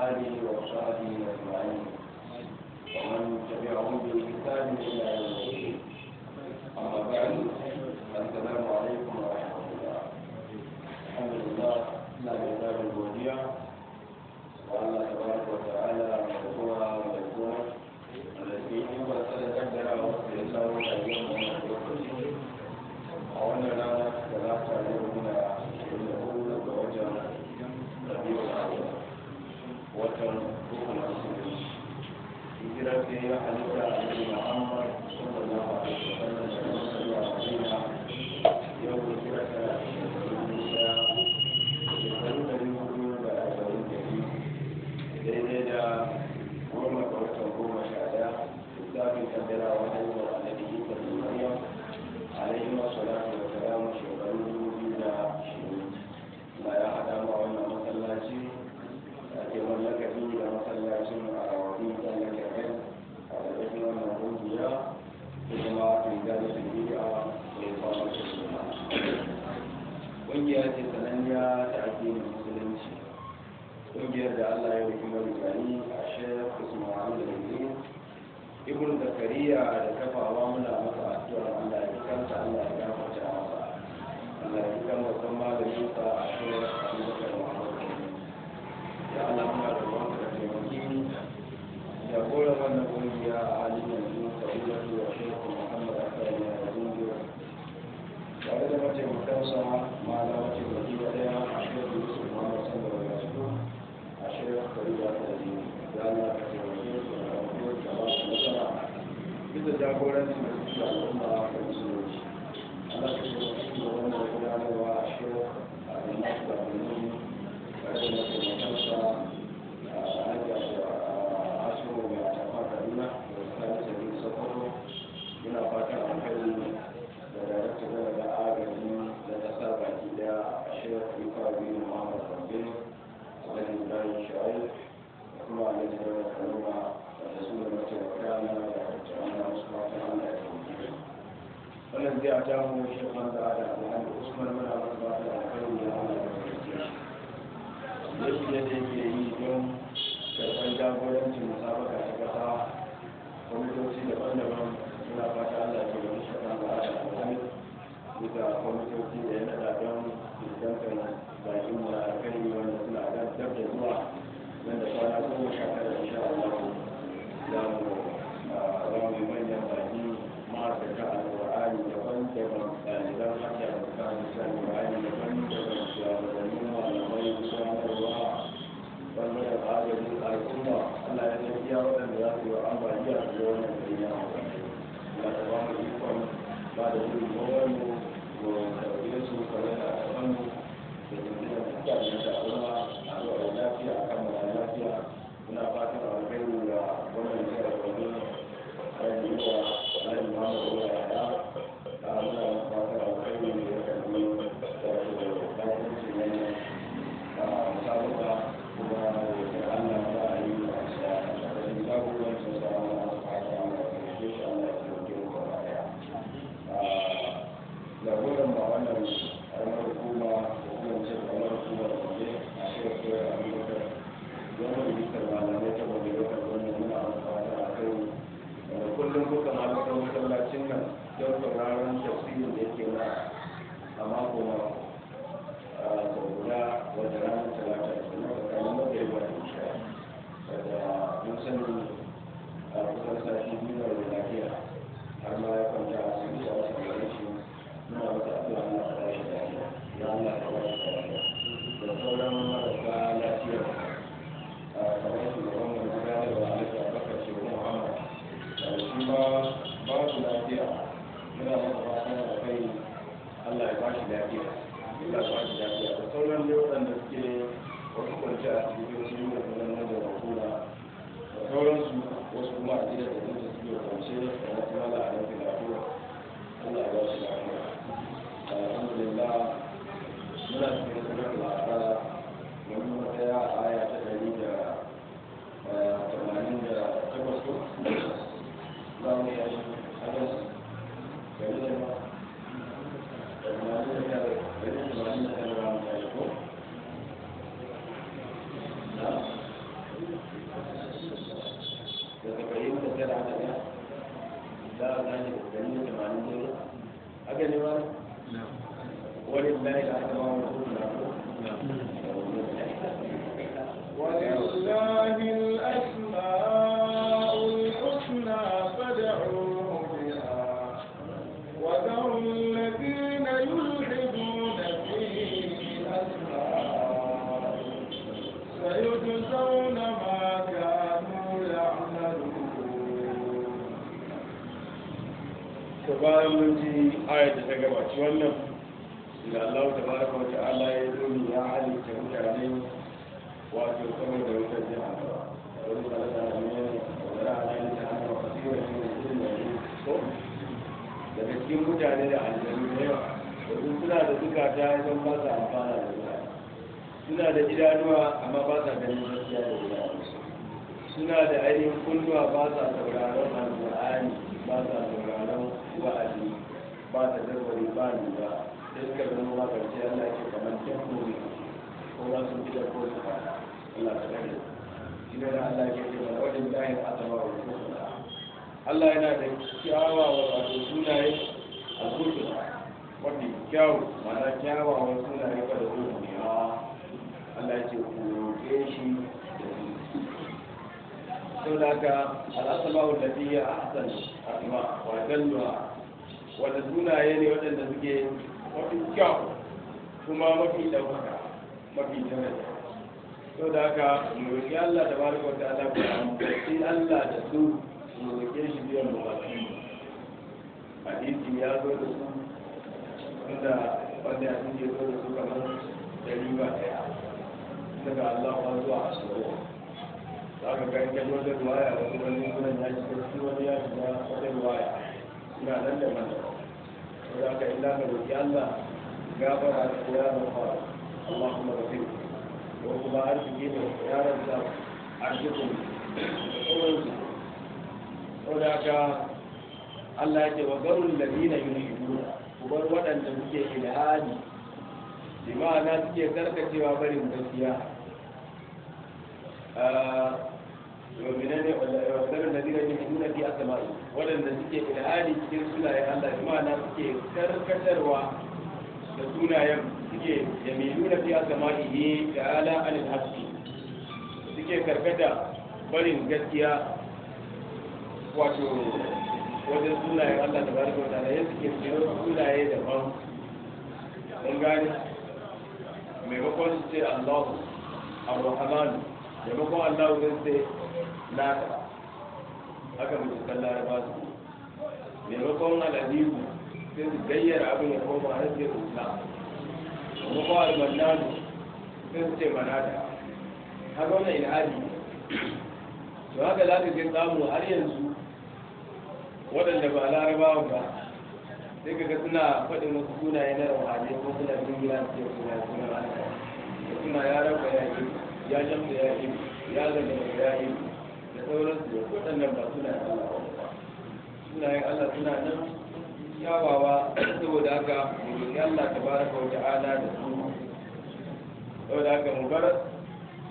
آله وصحبه أجمعين ومن تبعهم بإحسان إلى يوم الدين أما بعد السلام ba da wani mawarmu ko gidansu kamar da alamanmu da kuma mutane da al'umma a zuwa da lafiya a kan mara lafiya muna fatan alkhairu da wannan jihar domin a yanzu da alayin mamu muna cikin sunan al'ada shine da Allah ya ce wa wajen dahin adama wa kusura Allah yana da kyawawa wato sunaye a kusura wanda kyawu mana kyawawa sunaye ka da kusura Allah ya ce ku shi saboda al'asabawar da lafiya a hasan asma wa dalluwa wanda sunaye ne waɗanda suke mafi kyau kuma mafi ɗaukaka mafi daraja so da haka mulki Allah da baraka wa ta'ala ku mu Allah da su mu shi biyan bukatun hadisi ya zo da su wanda wanda ya suke zo da su kamar dari ba ɗaya daga Allah ba zuwa ashirin za ka ga ita wata ruwaya wasu wani kuma ya shiga su wani ya shiga wata ruwaya ina nan da mana ko da haka illa da mulki Allah gafara da ya Allah kuma Allahumma rabbika wa uba arziki da yaransa arzikin tsoronsu ko da ka Allah ke wa garun ladina yuridu ku bar waɗanda suke karkacewa barin gaskiya ومنين وذر الذين يؤمنون في السماء ولن تجي suke هذه السنه الله بما da sunayen suke jamiluna fi asma'ihi ta'ala an al-haqqi suke karkata barin gaskiya wato wajen sunayen Allah da barka da ya suke cewa sunaye da ban mun gane maimakon su ce Allah ar-Rahman maimakon Allah zai ce naka haka mutukan laraba su maimakon al'adibu sai su gayyara abin ya koma har sai rusa ko al-mannanu sai su ce manata har wannan ilhadi to haka za ka je samu har yanzu waɗanda ba larabawa ba sai ka ga suna faɗin wasu sunaye na rauhane ko suna jin duniya su ce suna suna Allah suna ya raba ya yi ya jamsa ya yi ya zama ya yi da sauransu waɗannan ba suna suna yin Allah suna nan kyawawa saboda haka mu roƙi Allah tabaraka wa ta'ala da su saboda haka mu bar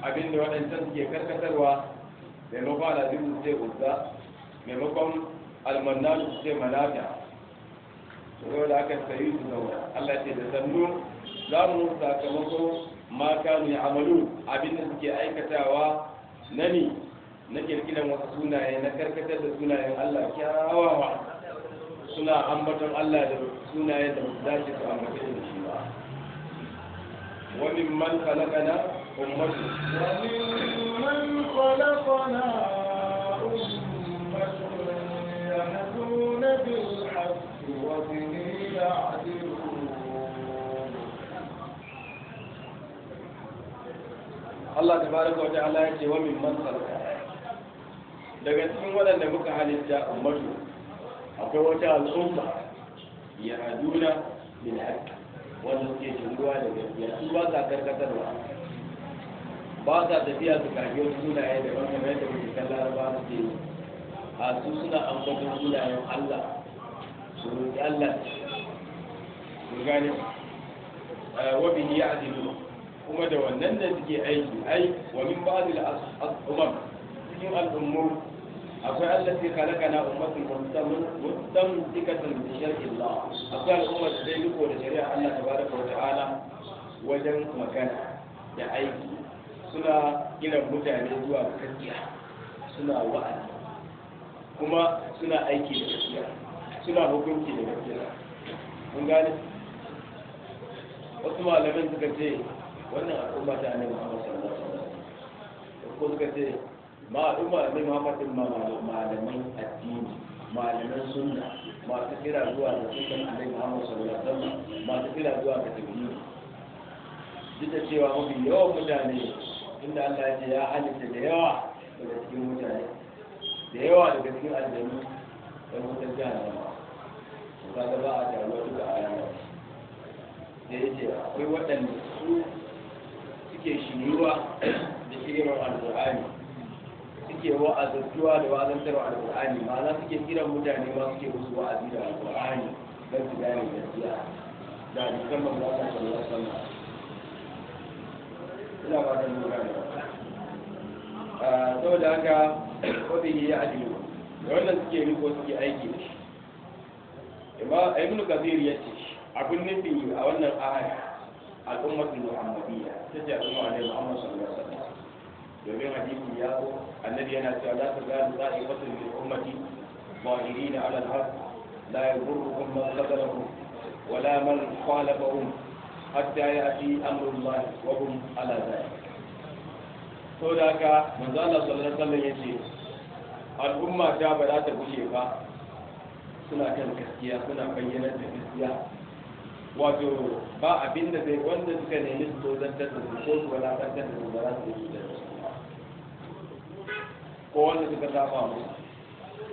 abin da waɗancan suke karkatarwa maimakon alazim su ce uzza maimakon almannanu su ce malata saboda haka sayi su zauna Allah ce da sannu za mu sakamako ma kanu ya amalu abin da suke aikatawa na ni na kirkiran wasu sunaye na karkatar da sunayen Allah kyawawa suna ambaton Allah da sunayen da ba dace su ambace da shi ba Wani man kalakana ummatu wani man kalakana ummatu yahduna bil haqq wa bihi ya'dilun Allah tabaraka wa ta'ala ya ce wa mimman man daga cikin waɗanda muka halitta ummatu akwai wata al'umma ya haduna bil haqq wanda suke tunduwa da gaskiya su ba sa karkatarwa ba sa tafiya su kaji wasu sunaye da wani mai da mutum kan laraba suke yi a su suna ambaton sunayen Allah su roƙi Allah su gane eh, wa bihi ya'dilu kuma da wannan da suke aiki ai wa min ba'd al-umam cikin al'ummur akwai Allah sai kalaka na ummatin musamman musamman tikatan bi shar'illah akwai al'umma da dai riko da shari'a Allah tabaraka wa ta'ala wajen magana da aiki suna gina mutane zuwa gaskiya suna wa'azi kuma suna aiki da gaskiya suna hukunci da gaskiya mun gane wasu malamin suka ce wannan al'umma ta ne Muhammad sallallahu alaihi wasallam ko suka ce ma'aluma ne mafatin malamai addini malaman sunna masu kira zuwa da sunan alai muhammad sallallahu alaihi masu kira zuwa da tafiye duk da cewa mafi yawan mutane inda Allah ya ce ya halitta da yawa daga cikin mutane da yawa daga cikin aljanu dan wutar jahannama ba ga ba a taruwa duka a yana da ya ce akwai waɗanda su suke shiruwa da shirin qurani suke wa'azantuwa da wa'azantarwa ma za suke kiran mutane ma suke musu wa'azi da alƙur'ani don su gane gaskiya da dukkan mamlaka sallallahu alaihi wasallam ina ba da lura da saboda haka yi ya adilu da wannan suke yi ko suke aiki da shi ibn kathir ya ce abin nufi a wannan aya al'ummatul muhammadiyya ta ce al'umma ne muhammad sallallahu alaihi wasallam domin hadisi ya zo annabi yana cewa za ta zalu za a yi wasu min ummati zahirina ala al-haq la yadurrukum man qatalahum wala man khalafahum hatta ya'ti amrullah wa hum ala dhalik to da haka manzo Allah sallallahu alaihi wasallam yace al'umma ta ba za ta gushe ba suna kan gaskiya suna bayyana da gaskiya wato ba abinda zai wanda suka nemi su zo zantar da su ko su wadatar da su ba za su yi da ko wanda suka saba mu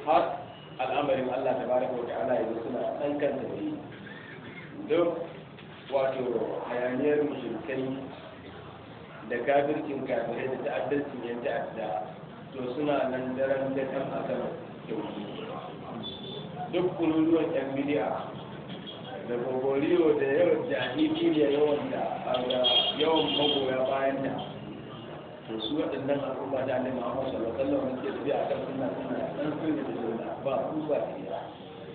har al'amarin Allah ta bari ko ta'ala yanzu suna ɗan kan tafi duk wato hayaniyar mushrikai da gabirkin kafirai da ta'addancin yan ta'adda to suna nan daren da kan akan kyauki duk kururuwan yan miliya da gogoriyo da yawan jahiliya yawan da yawan magoya bayan da to su waɗannan al'umma da annabi Muhammad sallallahu alaihi wasallam ke tafiya akan sunna sunna dan sunna da ba ku ba kira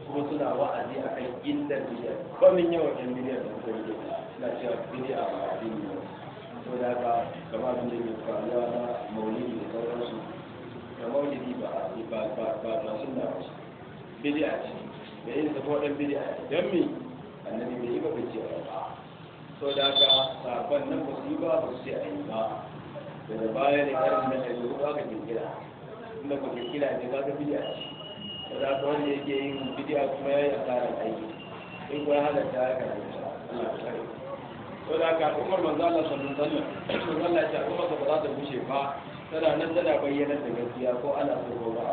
kuma suna wa'azi akan illar bid'a ba min yawan yan bid'a da suka yi na cewa bid'a a addini ne to da haka kamar abin da ke faruwa na maulidi da sauransu da maulidi ba ba ba ba ba sunna ba bid'a ce da yin zama wadan bid'a dan me annabi bai yi ba bai ce ba to da haka sabon nan ba su yi ba ba su a yi ba daga baya ne karin da kai zuwa ga kirkira inda ku kirkira ne ba ka ga bidiya ce da za ka wanda yake yin bidiya kuma ya yi a asarar aiki in kuwa halatta ya karanta Allah ya kare ko da ka umar manzo Allah sallallahu alaihi wasallam Allah ya ce kuma ba za ta bushe ba tana nan tana bayyana da gaskiya ko ana so ko ba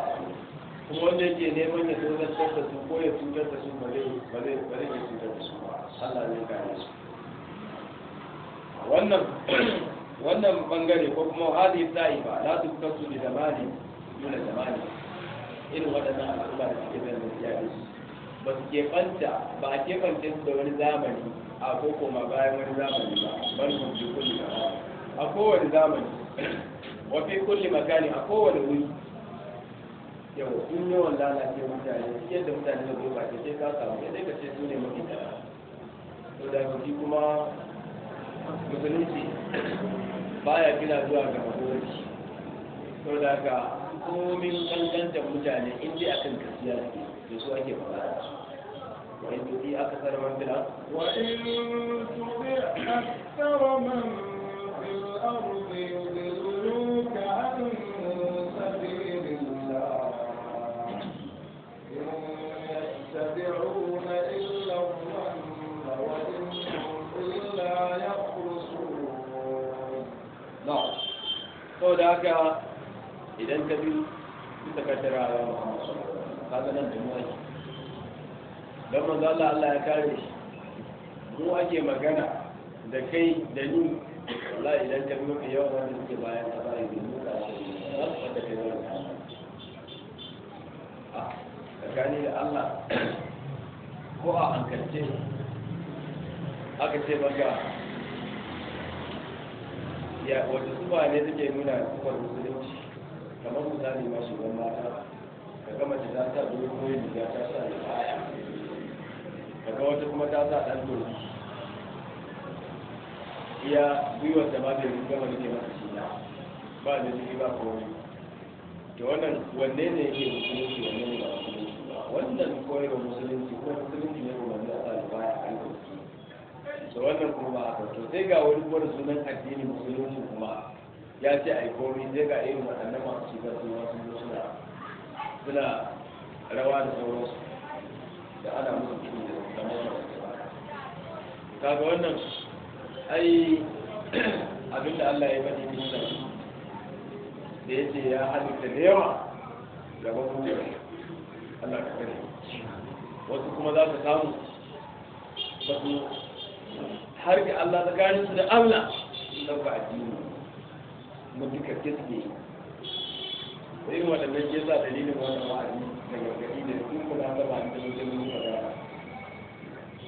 kuma wanda yake neman ya tozartar da su ko ya cutar da su ba zai ba zai cutar da su ba Allah ne ka kare su wannan wannan bangare ko kuma hadhihi ta'ifa la da bi zamani dole zamani irin waɗannan al'umma da suke zan gaskiya da su ba su fanta ba a keɓance su da wani zamani a koko ma bayan wani zamani ba bari mu ji kulli a kowane zamani wa fi kulli makani a kowane wuri yau in yawan ke mutane yadda mutane da ke ke ka samu yadda ka ce su ne mafi tara to da kuma musulunci baya kira zuwa ga magoci sau da ga komin kankantar mutane inda akan gaskiya da su ake faɗa وإن تطيع أكثر من في الأرض وإن saboda haka idan ka bi suka ka tara ya muhammadu ka nan da mu ake don manzo Allah Allah ya kare shi mu ake magana da kai da ni Allah idan ka bi mafi yawan wanda suke bayan ka ba yi mu ka shi za su fada kai wani a tsakani da Allah ko a hankalce aka ce maka ya wata suwa ne suke nuna suwar musulunci kamar misali masu ban mata ka gama ta za ta zuwa koyi riga ta sa da baya ga wata kuma ta sa ɗan doki iya gwiwar da ma bai gama da ke masa shi na ba da jiki ba kowai da wannan wanne ne yake musulunci wanne ne ba musulunci ba wannan koyarwa musulunci ko musulunci ne ko wanda a to wannan kuma ba haka to sai ga wani wani sunan addini musulunci kuma ya ce a yi komi sai ga irin waɗannan masu shiga su wasu suna suna rawa da sauransu da ana musu kudi da kamar masu kaga wannan ai abinda Allah ya bani bisa da ya ce ya halitta da yawa da ba kuma Allah ka kare wasu kuma za ka samu ba su har ga Allah gani su da Allah sun ba addini mu duka gaske sai waɗannan ke sa dalilin wannan wa'azi da gargadi da sun kula da ba da mutum mun fada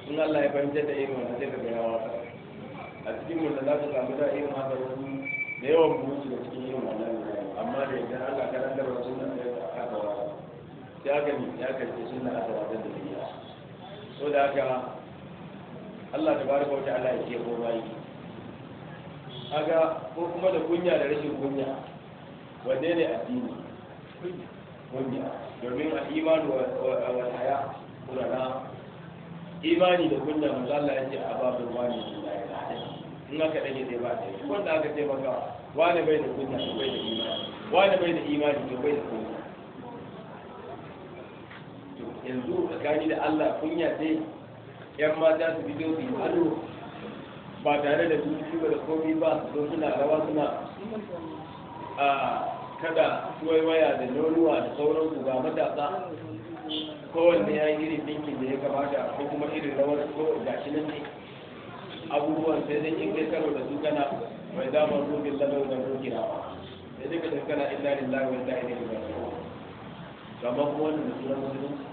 sun Allah ya fahimta da irin wannan da daga yawa a cikin mu da za ka samu da irin haka wasu da yawan mutu da cikin irin wannan amma da yadda Allah ka rantar wasu na da ka wa ya gani ya kace sunna da wa da ba. so da haka Allah ta baraka wata Allah ya ce ko bayi kaga ko kuma da kunya da rashin kunya wanne ne addini kunya domin a imanu wa haya kuna na imani da kunya mu Allah ya ce a babu wani in aka dage zai ba yi. wanda aka ce maka wani bai da kunya to bai da imani wani bai da imani to bai da kunya yanzu a gani da Allah kunya dai yan mata su bido su hannu ba tare da duki ba da komi ba su suna rawa suna a kada waiwaya da nonuwa da sauran su ga matasa kowanne ya yi irin dinkin da ya kamata ko kuma irin rawar ko gashi nan ne abubuwan sai dai in kai karo da su kana mai zama rubin lalau da rubin ba sai dai ka tafi kana illa lillahi wa ta'ala ilaihi raji'un kamar kuma wannan da sunan musulunci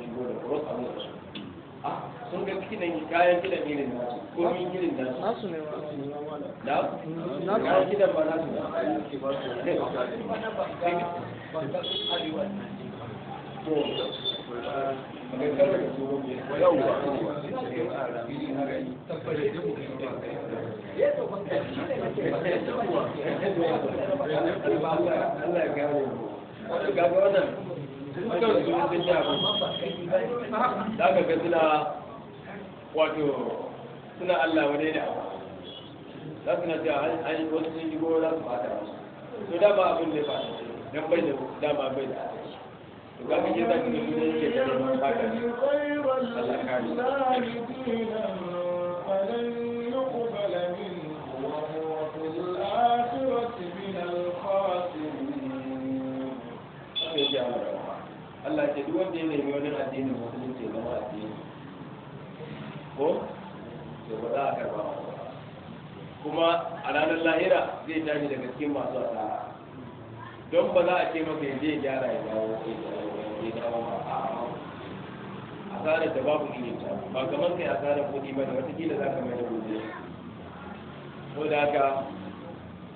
shigo da a musu ah, sun ga kidan kayan kidan irin nasu komin irin da? nasu ne da kayan kidan ba nasu Allah ya gane mu. Ga zaka su sun ci ga suna wato suna Allah wane da za su na cewa a yi wasu sun shigo za su fata to dama abin da ba dan bai da dama bai da to ga kake za ki ga mun yake da neman fata Allah ka wanda ya nemi wani addinin musulunci zama addini ko da ba za a karba kuma a ranar lahira zai tashi daga cikin masu asara don ba za a ce maka yanzu ya gyara ya dawo ya dawo a asarar da babu irin ta ba kamar kai asarar kuɗi ba da watakila za ka mai da gobe ko da haka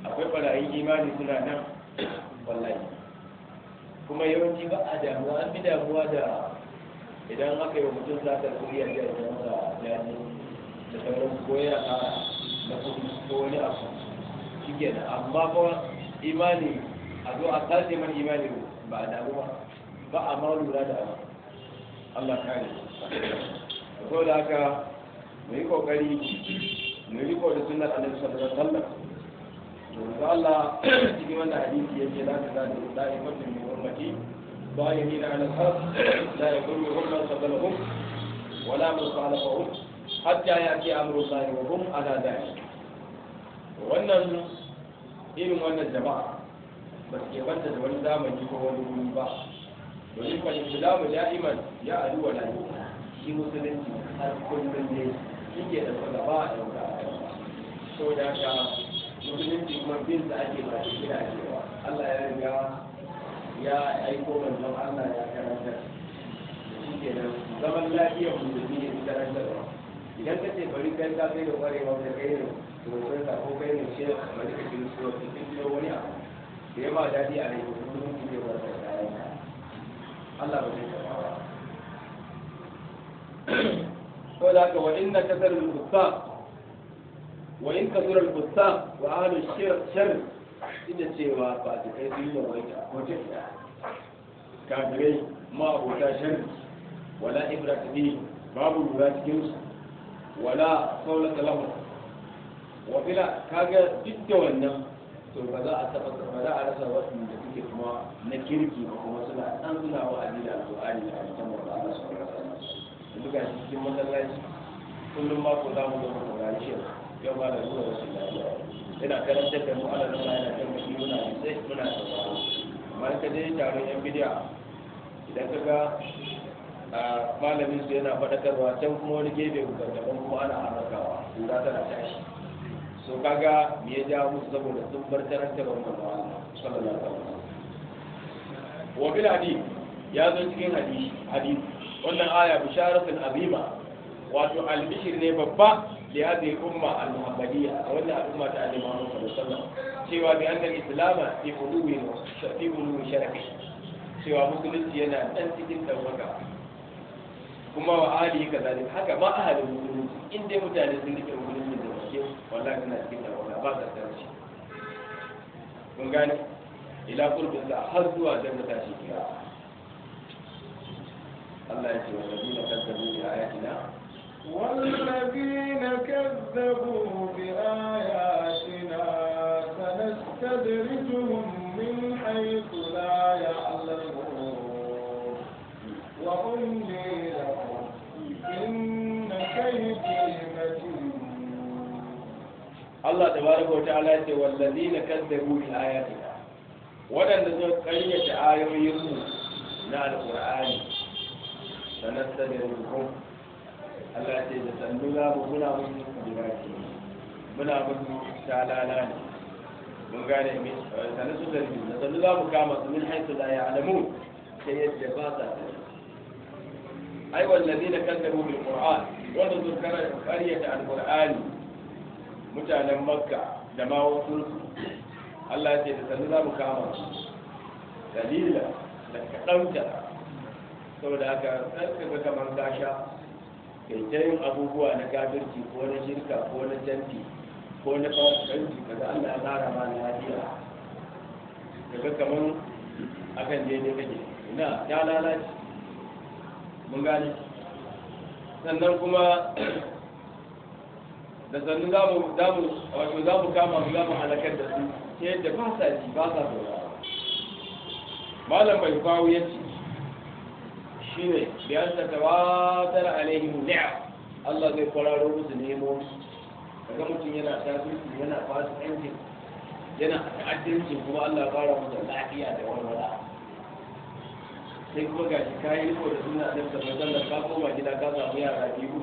akwai ɓarayin imani suna nan wallahi kuma yawanci ba a damuwa an fi damuwa da idan aka yi wa mutum satar kuri a jihar jama'a daji da sauran koya a na kudu ko wani abu shi kenan amma ba imani a zo a tace man imani ba a damuwa ba a ma lura da Allah kare ko da haka mu yi kokari mu yi kokari suna annabi sallallahu alaihi wasallam to Allah cikin wannan hadisi yake za ka zaɗi da imatin mai ummati ba ya nina ala har la ya kullu ummar sabalahum wala mu salafahum hatta ya ce amru sahi wa hum ala dai wannan irin wannan jama'a ba su banta da wani zamani ko wani wuri ba domin fa islamu da'iman ya adu wa lahi shi musulunci har kullum ne shi ke da gaba da wuta sau da ka musulunci kuma bin da ake ba shi gida ake ba Allah ya riga ya aiko manzon Allah ya da shi nan zaman lafiya lafiyar musulmi ne karantarwa idan ka ce bari kai ka kai da kwarewa da kai ne rokon ka ko kai ne shi ce bari ka kiri su wata kiri wani abu da ya ba daɗi a rai musulunci ne ba da kayan Allah ba zai karɓa ba. Ko da haka wa inna kasar al-kuffar وإن كثر الفتاق وآل الشر إن الشيوى بعد كيف إيه إلا ويجع كافر ما هو شر ولا إبرة به باب الولاد كيوس ولا صولة له وبلا كاجا جدا ولنا تو بدا اتفق بدا على سواس من ذلك كما نكيركي وكما سنا انزلا وعدينا سؤالي على تمر الله سبحانه وتعالى لذلك يجب أن يكون الله كلما قدام الله وعلى شيخ yau ba da zuwa rashin lafiya yana karantar da mu ala zama yana kan mutum muna sai muna sauraro amma ka je taron yan bidiya idan ka ga malamin su yana faɗakarwa can kuma wani gefe daban kuma ana harakawa kura tana tashi so kaga me ya jawo musu saboda sun bar karantar wannan Allah sallallahu alaihi wasallam wa bil hadith ya zo cikin hadisi hadisi wannan aya bisharatul azima wato albishir ne babba li hadhihi umma al muhammadiyya wala umma ta alimamu sallallahu alaihi cewa bi anna islam fi shafi qulubi sharaki cewa musulunci yana dan cikin dawaka kuma wa ali ka zali haka ma ahli musulunci in mutane sun rike musulunci da wake wallahi kana cikin dawaka ba ka tarci kun gane ila qurbi da har zuwa jannata shi kira Allah ya ce wa rabbina kadzabu bi ayatina والذين كذبوا بآياتنا سنستدرجهم من حيث لا يعلمون وأملي لهم إن كيدي Allah tabaraka wa ta'ala ya ce wallazina kadzabu bil ayati wadanda suka kayyata ayoyin mu na alqur'ani sanastadiru Allah ce da sannu za mu muna mun jiraki muna mun shalala ne mun gane min sannu su da da sannu za mu kama su min haitu la ya'lamun ta yadda ba sa ai wallazi da kaddabu bil qur'an wanda sun karyata alqur'ani mutanen makka da ma wasu Allah ce da sannu za mu kama su dalila da kaɗanta saboda haka tsarkaka kamar gasha kai yin abubuwa na kafirci ko na shirka ko na canji ko na fasikanci kaga Allah ya tsara ma na lafiya daga kaman akan daidai kake ina ta lalace mun gane sannan kuma da sannan za mu wato za mu kama mu za mu halakar da su ta yadda ba sa ji ba sa saurara malam bai kawo ya shine bi an ta tawatar alaihim ni'a Allah zai kwararo musu nemo kaga mutum yana tasiri yana fasikanci yana ta'addancin kuma Allah fara da lafiya da walwala sai kuma gashi kayi ko da suna da tabbatar da ka koma gida ka samu yara biyu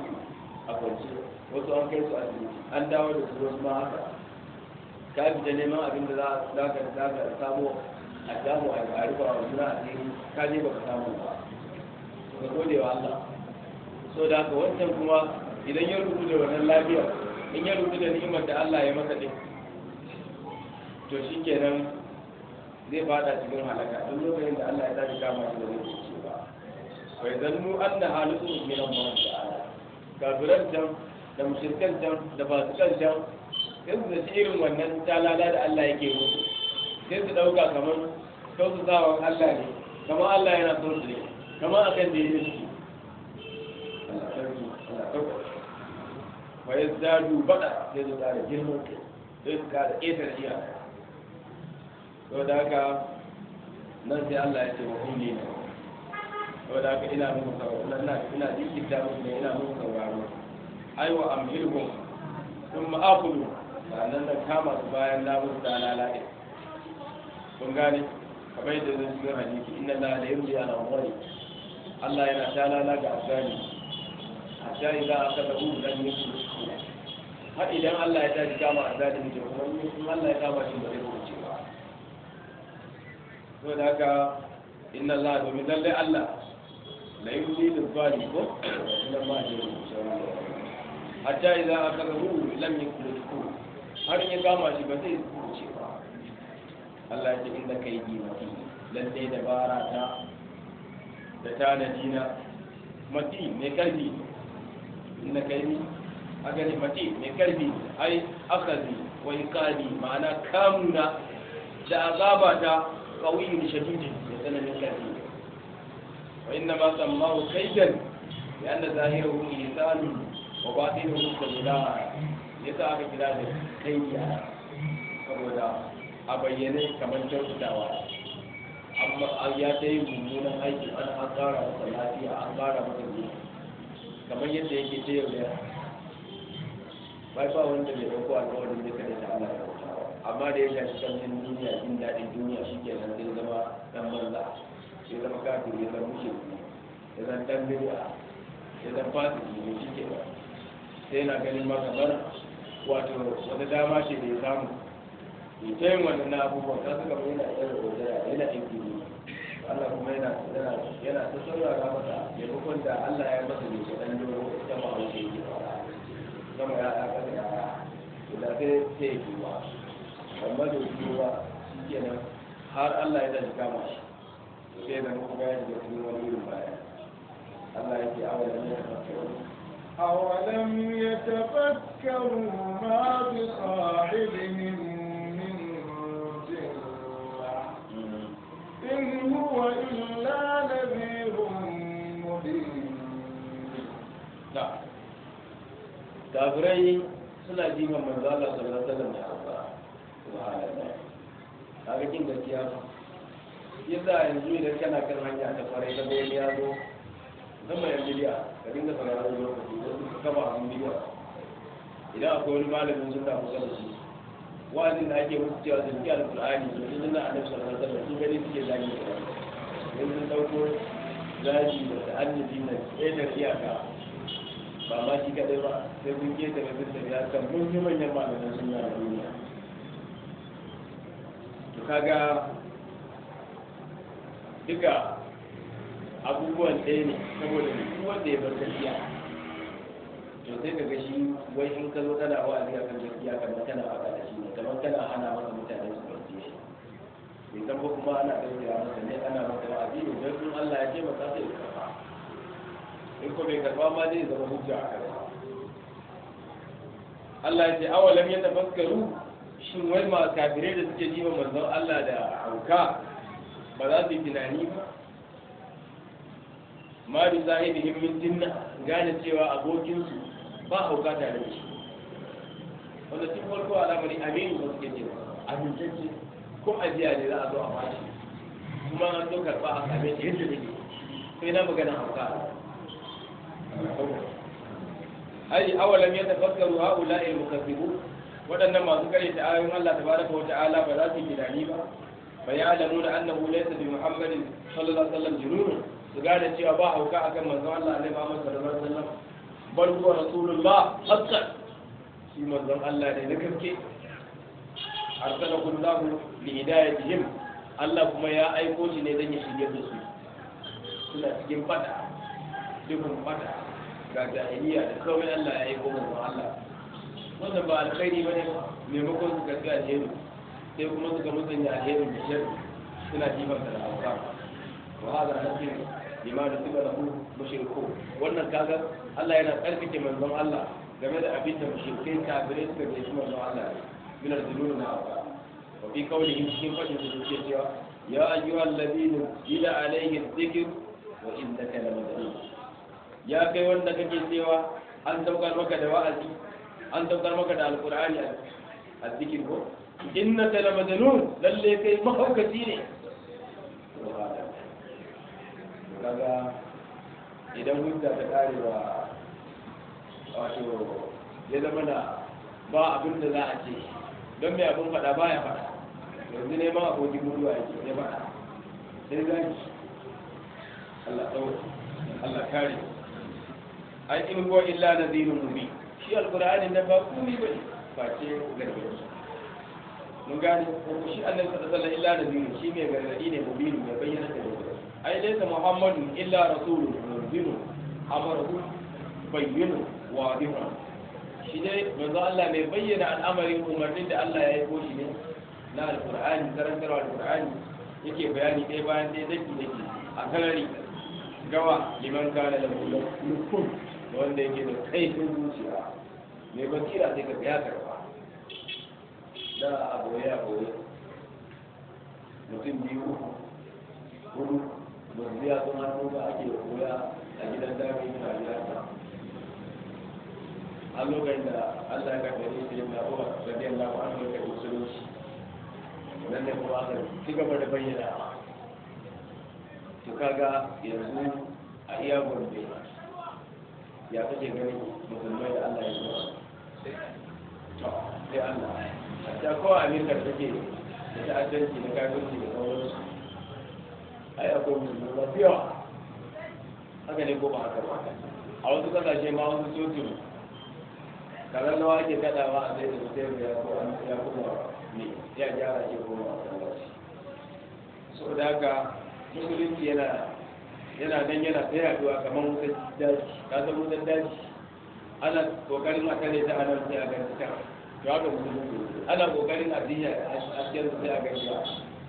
a kwance wasu an kai su asibiti an dawo da su wasu ma haka ka fita neman abin da za ka samu a damu a rufa a wasu na asiri ka je ba ka samu ba ka gode wa Allah so da ka wancan kuma idan ya rubu da wannan lafiya in ya rubu da ni'imar da Allah ya maka din to shikenan zai fada cikin halaka duk lokacin da Allah ya tafi kama shi da zai ce ba fa idan mu anna halu min Allah ta'ala kafiran can da mushrikan can da fasikan can sai su zaci irin wannan talala da Allah yake musu sai su dauka kamar zawon Allah ne kamar Allah yana son su ne kama akan da ya shi wa ya zadu bada ya zo da girman sai su kada ƙetar iya to da haka nan sai Allah ya ce wa kulli ne to da haka ina muku sauraro ina ina jikita muku ne ina muku sauraro ai wa amhilhum thumma aqulu sannan da kama su bayan na musu da lalace kun gane kamar yadda zai cikin hadisi inna la da yumli ala Allah yana talala ga azali hatta idza akadahu lam yusru har idan Allah ya ta ji kama azali da kuma in Allah ya kama shi ba zai wuce ba to da haka inna Allah domin lalle Allah la yusri da zali ko inna ma ya wuce hatta idza akadahu lam yusru har ya kama shi ba zai wuce ba Allah ya ce inda kai gima lalle dabara ta da tanadi na mati mai karfi kai ni, a gani mati mai karfi ai akazi wa ikali ma'ana kamuna da azaba ta qawiyyun shadidi da tsananin karfi wa inna ma sammahu kaidan bi anna zahiruhu lisanun wa batinuhu kabila yasa aka kira da kaidi saboda a bayyane kamar kyautatawa amma ya ta yi mummunan aiki an an ƙara masa lafiya an ƙara masa biyu kamar yadda yake ta yau ya bai ba wanda bai ɗauko da ka da Allah ya amma da ya shafi canjin duniya jin daɗin duniya shi ke nan zai zama ɗan banza ya zama kafin ya zama mushe ya zama ɗan bid'a ya zama fasi ne shi ke nan sai yana ganin ma kamar wato wata dama ce da ya samu ita yin wannan abubuwan kasu suka yana ɗaya da yana ɗin Allah kuma yana yana yana ta saurara masa maimakon da Allah ya masa ne shi dan doro ta ba wuce yake fara sama ya ta kada ya da ta ce kiwa amma da kiwa shikenan har Allah ya da kama shi sai da kuma ya da kiwa wurin baya Allah yake awalan ya tafakkaru أولم يتفكروا ما بصاحبهم إن هو إلا نذير مبين نعم kafirai da jima manzo Allah sallallahu alaihi wasallam ya ba subhanallah kaga kin gaskiya yadda yanzu idan kana kan hanya ta fara ta bayan ya zo zama yanzu biya ka dinga sauraron lokaci wasu ka kama abin bidiya idan akwai wani malamin sun da kusa da shi wa'azin da ake musu cewa sun kiyar Qur'ani da sun nan annabi sallallahu da sun gani suke zagi in sun dauko zagi da ta'annabi na tsaye iyaka ba ma shi kadai ba sai kun keta da sun tafiya kan mun yi manyan malaman sunna a duniya to kaga duka abubuwan ɗaya ne saboda duk wanda ya bar tafiya to sai ka ga shi wai in ka zo kana wa'azi kan gaskiya kamar tana faɗa da shi ne kamar kana hana masa mutane su fahimce shi bai san ko kuma ana gaskiya masa ne ana masa wa'azi ne don in Allah ya taimaka ta ya karɓa in ko bai karɓa ma zai zama hujja a kansa Allah ya ce awalam ya tafakkaru shin wai ma kafirai da suke jiwa manzon Allah da hauka ba za su yi tunani ba ma bi sahibihim min jinna gane cewa abokinsu ba hauka da ne shi wanda tun farko alamari aminu ba suke ne amintacce ko ajiya ne za a zo a fashi kuma an zo karba a same shi yadda ne sai na magana hauka ai awalam ya tafakkaru haula'i al-mukazzibu waɗannan masu kare ta ayoyin Allah tabaraka wa ta'ala ba za su yi tunani ba bai alamu da annahu laysa bi muhammadin sallallahu alaihi wasallam junun su gane cewa ba hauka akan manzon Allah alaihi wa sallam bal huwa rasulullah hatta shi manzon Allah ne na gaske arsala kullahu li hidayatihim Allah kuma ya aiko shi ne dan ya shige su suna cikin fada cikin fada ga jahiliya da kawai Allah ya aiko manzon Allah wanda ba alkhairi bane maimakon su ga alheri sai kuma suka musanya alherin da sharri suna jifar da al'aura wa hada hadin lima suka lahu mushriku wannan kaga Allah yana tsarkake manzon Allah game da abin da mushrikai kafirai suka ce shi manzon Allah bin al-zulum na wa fi in cikin fadin da suke cewa ya ayyuhal ladina ila alayhi dhikr wa innaka lamadun ya kai wanda kake cewa an daukar maka da wa'azi an daukar maka da alqur'ani a dhikr ko innaka lamadun lalle kai mahaukaci ne kaga idan hujja ta kare wa wato ya zama na ba abin da za a ce don mai abin faɗa ba ya faɗa yanzu ne ma abokin mutuwa yake ya faɗa sai zaki Allah tsawo Allah kare ai in ko illa nadhirun mubin shi alqur'ani da ba komai ba face gargaɗi mun gane ko shi annabi sallallahu alaihi wasallam illa nadhirun shi mai gargaɗi ne mubin mai bayyana da ai laysa muhammadun illa rasulun murjinu amaru bayyinu wa dihun shi dai manzo Allah mai bayyana al'amarin umarnin da Allah ya yi ko shi ne na alqur'ani karantar alqur'ani yake bayani dai bayan dai daki daki a kanari gawa liman kana da mulkun wanda yake da kaifin zuciya mai basira sai ka biya karfa da aboye aboye mutum biyu hudu yanzu ya zama tuba ake koya a gidan dami na yasa a lokacin da allah ka gare shi da kuma da biyan lafa an yi kai musulunci nan da kuma aka ci gaba da bayyana to kaga yanzu a iya gurbe ya kake gani musulmai da allah ya zuwa to sai allah a cikin kowa ne da take da ta'addanci da kafinci da sauransu ai akwai musulmi ba fiya haka ne ko ba haka ba a wasu kasashe ma wasu sotin karar nawa ake kaɗawa a zai da mutum ya kuma ya kuma ne ya gyara ke kuma a kallaci so da haka musulunci yana yana nan yana ta yaduwa kamar wutar daji ta san wutar daji ana kokarin a tare ta ana sai a gani ta to haka musulunci ana kokarin a diya a cikin sai a gani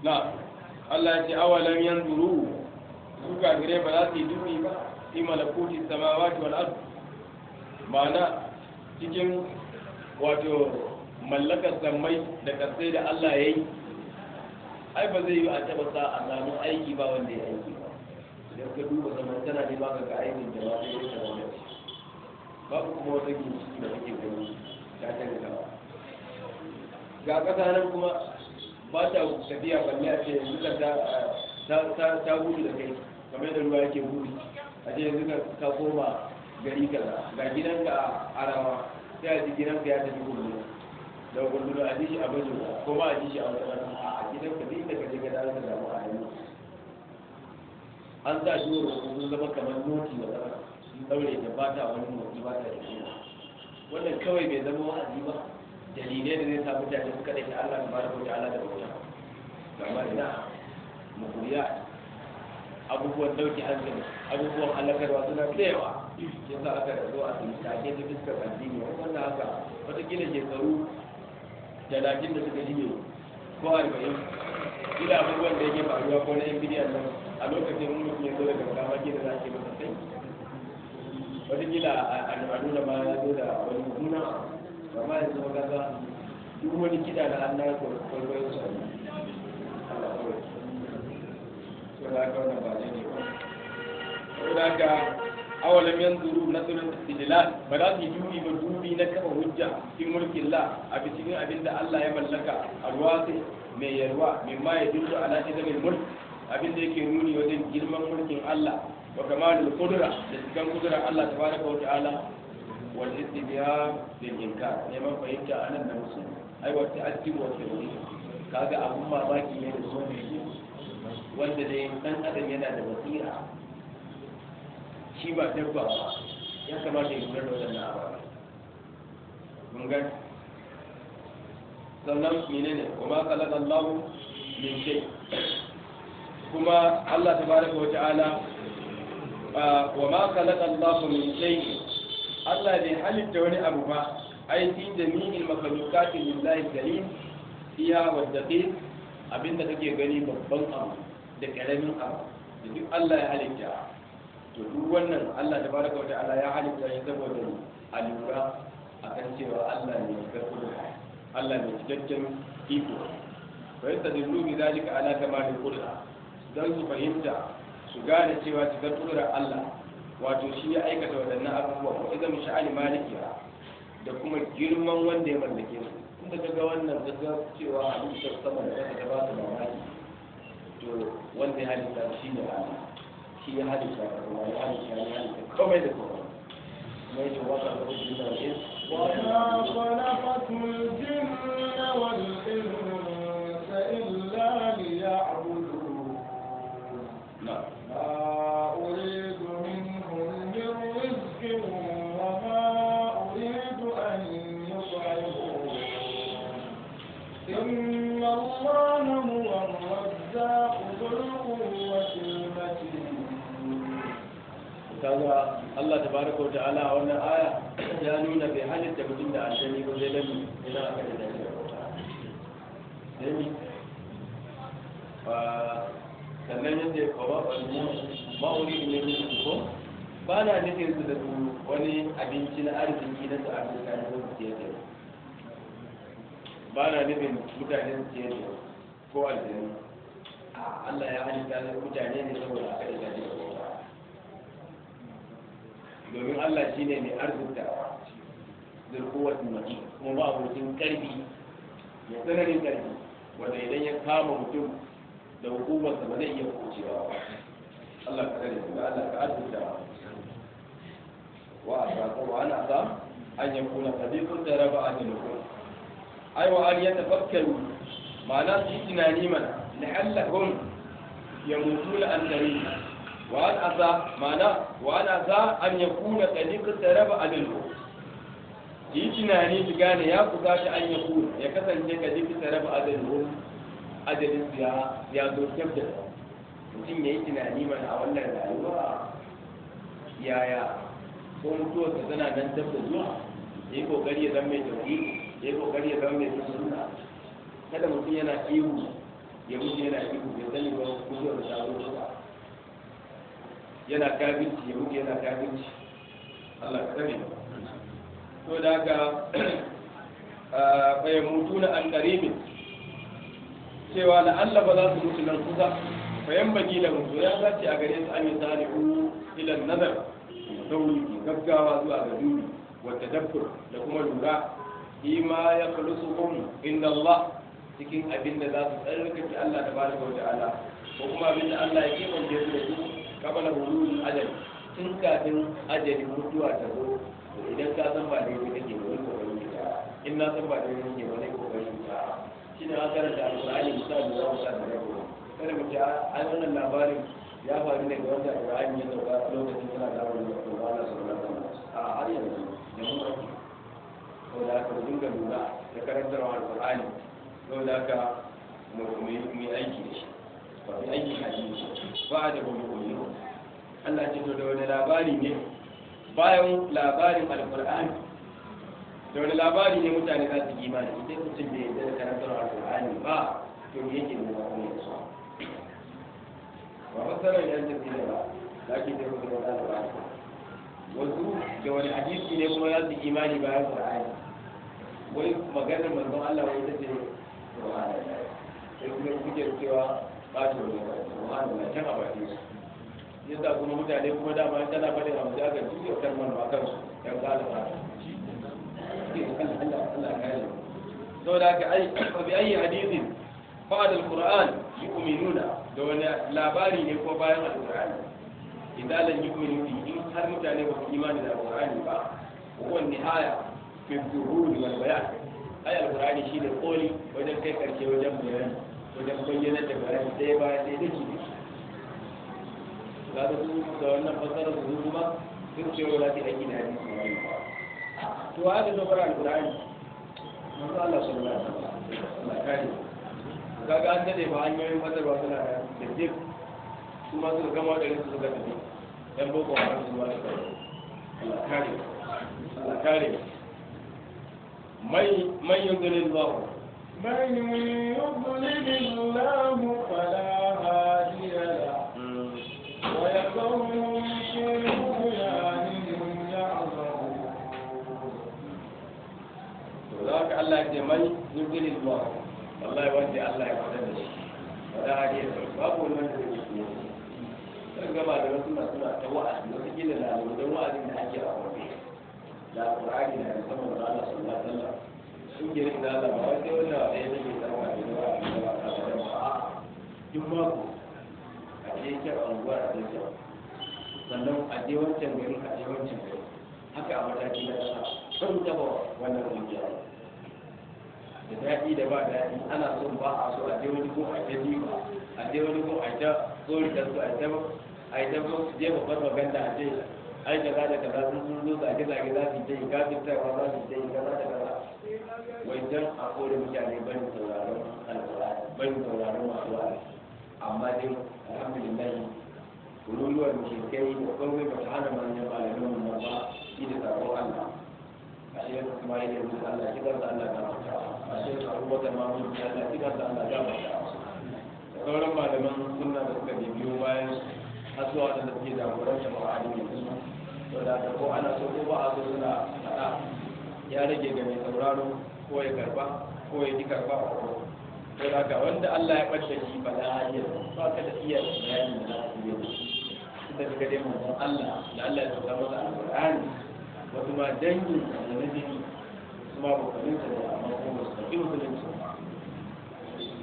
na Allah ya ce awalan yanzuru su gare ba za su yi dubi ba fi malakuti samawati wal ba na cikin wato mallakar sammai da kasai da Allah ya yi ai ba zai yi a taba sa a samu aiki ba wanda ya aiki ba idan ka duba zaman tana ne baka ga aikin da ba sai ka ba babu kuma wata ginshiki da kake gani ta tare ga kasa nan kuma ba ta tafiya balle a ce yanzu ka ta gudu da kai kamar da ruwa yake gudu a ce yanzu ka koma gari kaza ga gidan a arawa sai a ji gidanka ya tafi gudu da gudu a ji shi a bajin ko ba a ji shi a wata a gidanka duk da ka je ka dawo da damu a yanzu an sa shi wa rukun zama kamar noti wa zama sun daure da ba ta wani mutu ba ta da wannan kawai bai zama wa'azi ba dalilai da zai sa mutane suka kaɗai da Allah da baraka wa ta'ala da bauta kamar na mukuriya abubuwan dauki hankali abubuwan halakarwa suna tsayawa ya sa aka da zuwa su take da fuskar addini wannan haka watakila shekaru talatin da suka jiye ko arba'in ila abubuwan da yake faruwa ko na yan nan a lokacin mutum ya zo daga kama ke da za a ce masa sai watakila a nuna ma ya zo da wani mummuna amma yanzu ba kaga duk wani kiɗa da an kwaikwayon sa ne so da wannan ba ne ba awalam yanzuru nazarin istidlal ba za su yi dubi ba dubi na kafa hujja fi mulkin la a bisikin abin da Allah ya mallaka alwasi mai yarwa ma ya dillu ala izamin mulk abin da yake nuni wajen girman mulkin Allah wa da kudura da cikin kudura Allah tabaraka wa ta'ala wal istibyan lil inkar neman fahimta anan da musu ai wa ta'addib wa tawhid kaga abun mamaki ne da son shi wanda dai dan adam yana da basira shi ba dabba ba kamata ya lura da wannan abu mun ga sannan menene kuma khalaqa Allahu min shay kuma Allah tabaraka wa ta'ala wa ma khalaqa Allahu min shay Allah bai halitta wani abu ba ai fi jami'il makhluqati lillahi kalim iya wa daqiq abinda kake gani babban abu da karamin abu da duk Allah ya halitta to duk wannan Allah baraka wa ta'ala ya halitta shi saboda alura akan cewa Allah ne ya karɓi Allah ne cikakken iko fa yastadillu bi zalika ala kamalil qudra dan su fahimta su gane cewa cikakken Allah wato shi ya aikata waɗannan abubuwa ko izami sha'ani malikiya da kuma girman wanda ya mallake su inda ka ga wannan ka ga cewa halittar sama da ƙasa ta ba su mamaki to wanda ya halitta shi ne rana shi ya halitta da kuma ya halitta ya halitta komai da komai kuma yake wata da kuma jin da wani وما خلقت الجن والإنس إلا ليعبدون. نعم. kaga Allah bari ko ta'ala a wannan aya ya nuna bai halitta mutum da aljani ko zai lami ina aka da dalilin dani ba sannan ya ce wani ma'uri ne ne ko ba na nufin su da su wani abinci na arziki na su afirka na su ke da ba na nufin mutane su ke da ko aljani Allah ya halitta mutane ne saboda aka da dalilin domin Allah shi ne mai arzuta zirkuwar mutum kuma ba abokin ƙarfi ya tsananin ƙarfi wanda idan ya kama mutum da hukumarsa ba zai iya kucewa ba Allah ka tsare da Allah ka arzuta wa a sako wa ana sa an yi kuna sabikun da raba a jinukun ai wa an ya tafakkaru ma'ana su yi tunani mana la'allahum ya mutu la'annari وأن أسى معنى وأن أسى أن يكون قد اقترب أدله yi tunani ki gane ya kusa shi an yaku ya kasance ka ji kisa raba adalin adalin ya zo kyau da mutum ya yi tunani mana a wannan rayuwa yaya ko mutuwar ta tana nan tafi zuwa ya yi kokari ya zama mai tauri ya yi kokari ya zama mai sunna kada mutum yana ihu ya mutu yana ihu ya sani ba mutuwar ta zo yana kafinci ya muke yana kafinci Allah ka tsare to da haka bai mutu na an karimi cewa na Allah ba za su mutu nan kusa bayan baki da mutu ya ce a gare su an yi uku ilan nazar wuri gaggawa zuwa ga dubi wata dabbur da kuma lura ma ya su kun inda Allah cikin abin da za su tsarkake Allah da ba da wata ala ko kuma abin da Allah ya kebance su da su kabala wulul ajal tun kafin ajali mutuwa ta zo idan ka san ba da yake kake ba ko ba yake in na san ba da yake kake ba ne ko ba yake ba an karanta alqur'ani musa da musa da rabu kada mu ta ai wannan labarin ya faru ne ga wanda alqur'ani ya dauka lokacin suna da ba na sallallahu alaihi wasallam a har yanzu da mu ake ko da ka dinga lura da karantar alqur'ani ko da ka mu yi aiki da shi bi aiki hadisi ba da wani Allah ce to da wani labari ne bayan labarin alqur'ani da wani labari ne mutane za su imani idan mutum bai yarda da karantar alqur'ani ba to me yake nuna kuma yanzu ba fasarar yadda ke da ba lakin da wani labari wasu da wani hadisi ne kuma za su imani bayan qur'ani wai maganar manzon Allah wai ta ce qur'ani sai kuma kuke cewa ba ta wani ba ta wani can a bakin su yasa kuma mutane kuma dama tana bane a mutu aka jiya kan man ba kansu kan kala ba Allah kare so da ka ai bi hadisin hadithin ba'da alquran yu'minuna da wani labari ne ko bayan alqur'ani idan lan yu'minu bi in har mutane ba su imani da alqur'ani ba wa nihaya fi dhuhuri wal bayan ai shi shine koli wajen kai karshe wajen bayani wajen bayyana da bayani ɗaya bayan ɗaya dake da shi ba da su da wannan fasarar su kuma sun ce wa za ta yi aiki da hadisi to a da zafara alƙur'ani manzo Allah sallallahu ba wasallam Allah kare ga an dade ba hanyoyin fasar ba suna da dip kuma suka gama da su suka tafi yan boko a haram su ba da Allah kare kare mai mai yanzu ne zuwa من يضلل الله فلا هادي له ويذرهم في طغيانهم يعمهون ذاك الله يجمل يضلل الله والله يودي الله يقدم ولا هادي له yi sun wa'azin da ake a kwafi ƙur'ani na ƙungiyar da Allah ba wai sai wanda ɗaya ne ke samu a gida ba a gida ba duk mako a je kyan anguwa a je kyan sannan a je wancan gari a je wancan gari haka a mataki na ƙasa kan taɓa wannan ƙungiya da daɗi da ba daɗi ana son ba a so a je wani ko a je riba a je wani ko a ta tsori da su a je a yi ta je babbar magana a je ai da za da kaza sun zo a zage za su je kafin ta ba za su je kaza da kaza wajen a kore mutane ban tauraron alkurani ban tauraron masu wa'azi amma dai alhamdulillah ruruwar ke kai da kawai ba ta hana manyan malamin mu ba shi da sabon Allah a shi yadda kuma yake rubuta Allah shi kansa Allah ya mata a shi yadda abubakar ma ya Allah shi kansa Allah ya mata sauran malaman suna da suka bibiyo bayan asuwa da suke jagoranta ba a addinin sunna Ba da ta ko ana so ko ba a so suna faɗa ya rage ga mai sauraro ko ya karba ko ya ji karba a kuma da ka wanda Allah ya bace shi ba da hanyar ba ka da iya bayani da za ka yi da daga dai Allah da Allah ya sauka masa alƙur'ani wasu ma dangin da na jini su ma bukalin sa da amma kuma su ɗauki musulunci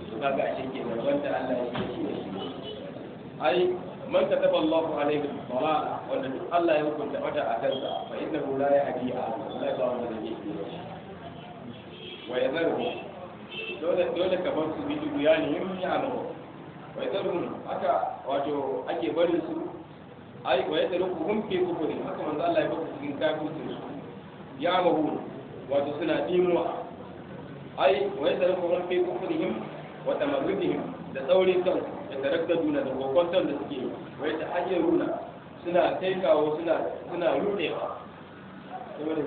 su kaga a shi ke wanda Allah ya yi shi ne shi ai man kataba Allahu alaihi salala wanda duk Allah ya hukunta wata a kansa fa innahu la yahdi a Allah ba wanda zai yi wa yadharu dole dole ka bar su bi duk yani yin ya'lamu wa yadharu haka wato ake barin su ai wa yadharu hum fi kufri haka manzo Allah ya baka cikin kafirci su ya'mahu wato suna dimuwa ai wa yadharu hum fi kufrihim wa tamarrudihim da saurin kan da raktaduna da kokwantar da suke wai ta hanyar runa suna taikawo suna suna rudewa saboda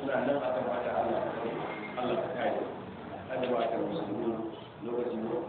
suna nan akan wata Allah Allah ta kai Allah ba ta musulmi lokacin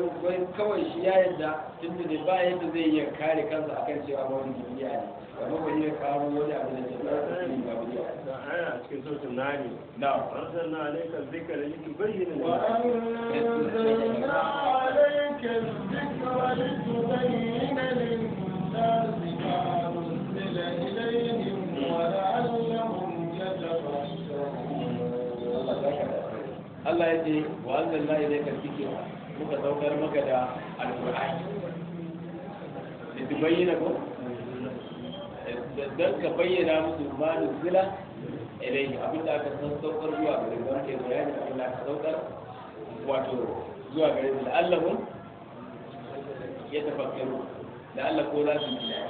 wai kawai shi ya yadda tun da ba yadda zai iya kare kansa akan cewa ba wani duniya ne kamar wani ya kawo wani abu da ke ba su ne ba duniya a cikin sautin nani na wasan na alaikar da yake bayyana wa anzalna alaikar zikar da yake bayyana lillahi ma unzila ilayhim wa Allah ya ce wa anzalna ilaika suka saukar maka da alƙur'ani da ta bayyana ko don ka bayyana musu ma nuzila ilaihi abin da aka san saukar zuwa ga rigar ke bayani abin da aka saukar wato zuwa ga rigar la'allahun ya tafakkaru allah ko za su yi lafiya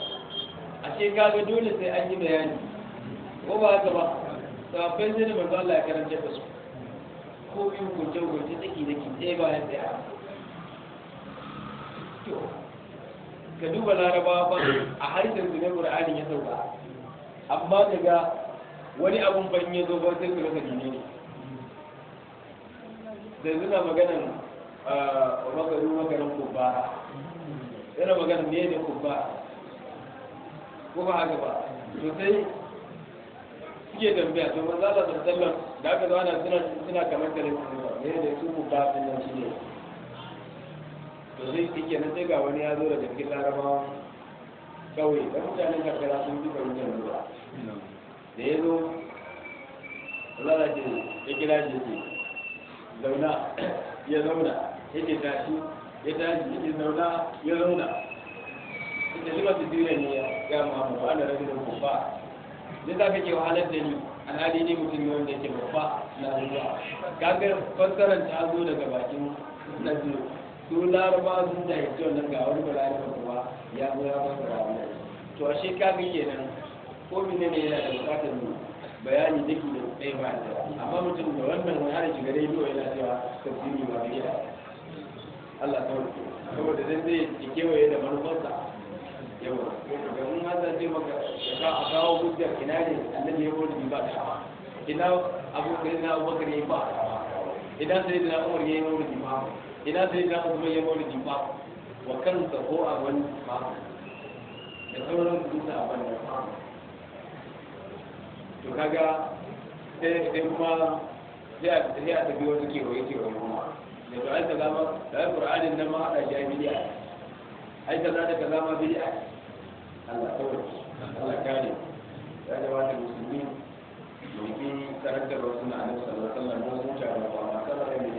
ashe kaga dole sai an yi bayani ko ba haka ba sababbin sai da manzo Allah ya karanta da su ko yin ko jawo ta take da ke tsaye bayan da to ka duba larabawa ba a harshen su ne qur'anin ya sauka amma daga wani abun ban ya zo ba sai ku rasa dine ne da suna maganan makaru makaran kubba yana maganan ne da kubba ko ba haka ba to sai suke tambaya to manzo za sallallahu alaihi da aka zo ana suna suna kamar kalmar ne da su kubba din nan ne. to sai na kenan sai ga wani ya zo da jirgin larabawa kawai da mutanen karkara sun duka wajen zuwa da ya zo lalace ya kira shi ce zauna ya zauna ya ke tashi ya tashi ya ke zauna ya zauna ita shi su duniya ne ya gama mu ba da rabin mu ba ne za ka ke wahalar da ni alhali ne mutum ne wanda ke babba na zuwa kaga fassarar ta zo daga bakin na zuwa su laraba sun da hito nan ga wani ya kuma ya zo ya fasa ba wannan to ashe ka ga kenan ko mene ne yana da bukatar mu bayani dake da tsaye ba da amma mutum da wannan wani har shiga rediyo yana cewa tafsiri ba gida Allah ta wuce saboda dan zai kewaye da manufarsa yawa ga mun hasa ce maka ka a kawo hujja ina ne annabi ya wani ba da ina abokan na abubakar ya ba idan sai da umar ya yi wani ba ina sai na kuma ya maulidi ba wa kansa ko a wani ba da sauran duka a wani ba to kaga sai sai kuma sai a tafi a tafi wasu kewaye kewaye kuma da to ai kaza ma da ai qur'anin nan ma hada shi ai bid'a ai kaza da kaza ma bid'a Allah kawai Allah kare ya jama'a musulmi mu bi karantar wasu na annabi sallallahu alaihi wasallam ko sun ta ba ma sallallahu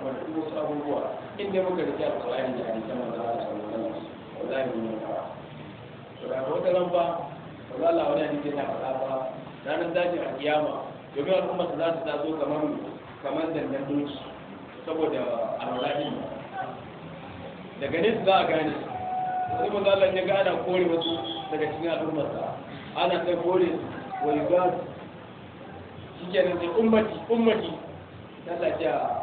mana duk wasu abubuwa in dai muka rike alƙur'ani da hadisan manzon a sallallahu alaihi wasallam wallahi yi kawa to da wata ran ba manzon Allah wani hadisi yana faɗa ba ranar dajin alkiyama domin al'ummar za su taso kamar kamar dandan doki saboda alwalahi daga nesa za a gane sai manzon Allah ya ga ana kore wasu daga cikin al'ummarsa ana kai kore wa yugazu shi kenan sai ummati ummati ta lafiya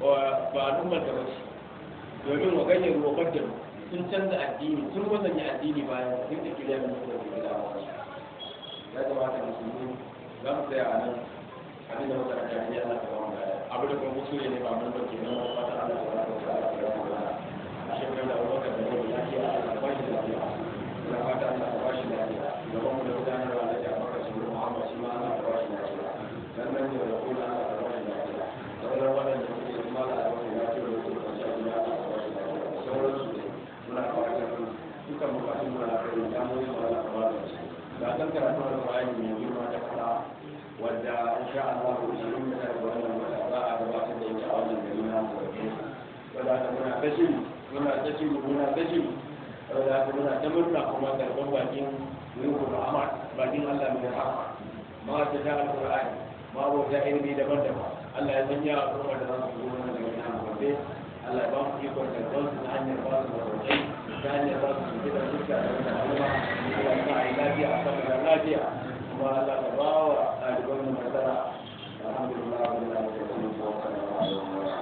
ba al'ummar da wasu domin wa ganyar ruwa qaddam sun canza addini sun yi addini bayan sun da kila min da wasu ya kamata mu su za mu tsaya a nan abin da muka raka ya Allah ta ba abu da kuma musu ne ba mun ba kenan ba fata Allah ta ba ta ba shekaru da wata da ya ke ba lafiya da fata ba lafiya da kuma da gasar karatu da bayani mai girma da kasa wadda insha Allah ko shi mun da wannan wata za a gabatar da ita a wannan gari na Sokoto wadda ta muna kashi muna kashi muna kashi wadda ta muna ta murna kuma karban bakin ruhul rahmat bakin Allah mai rahama ma ta da alqur'ani ma wata ilimi daban-daban Allah ya sanya a kuma da za su zo wannan gari na Sokoto Allah ya ba mu ikon karban su ta hanyar ba su da ta hanyar ba su ji da duka da wata al'umma Allah ta yi lafiya a sama da lafiya kuma ta ba wa ɗaliban mu nasara alhamdulillah wa billahi wa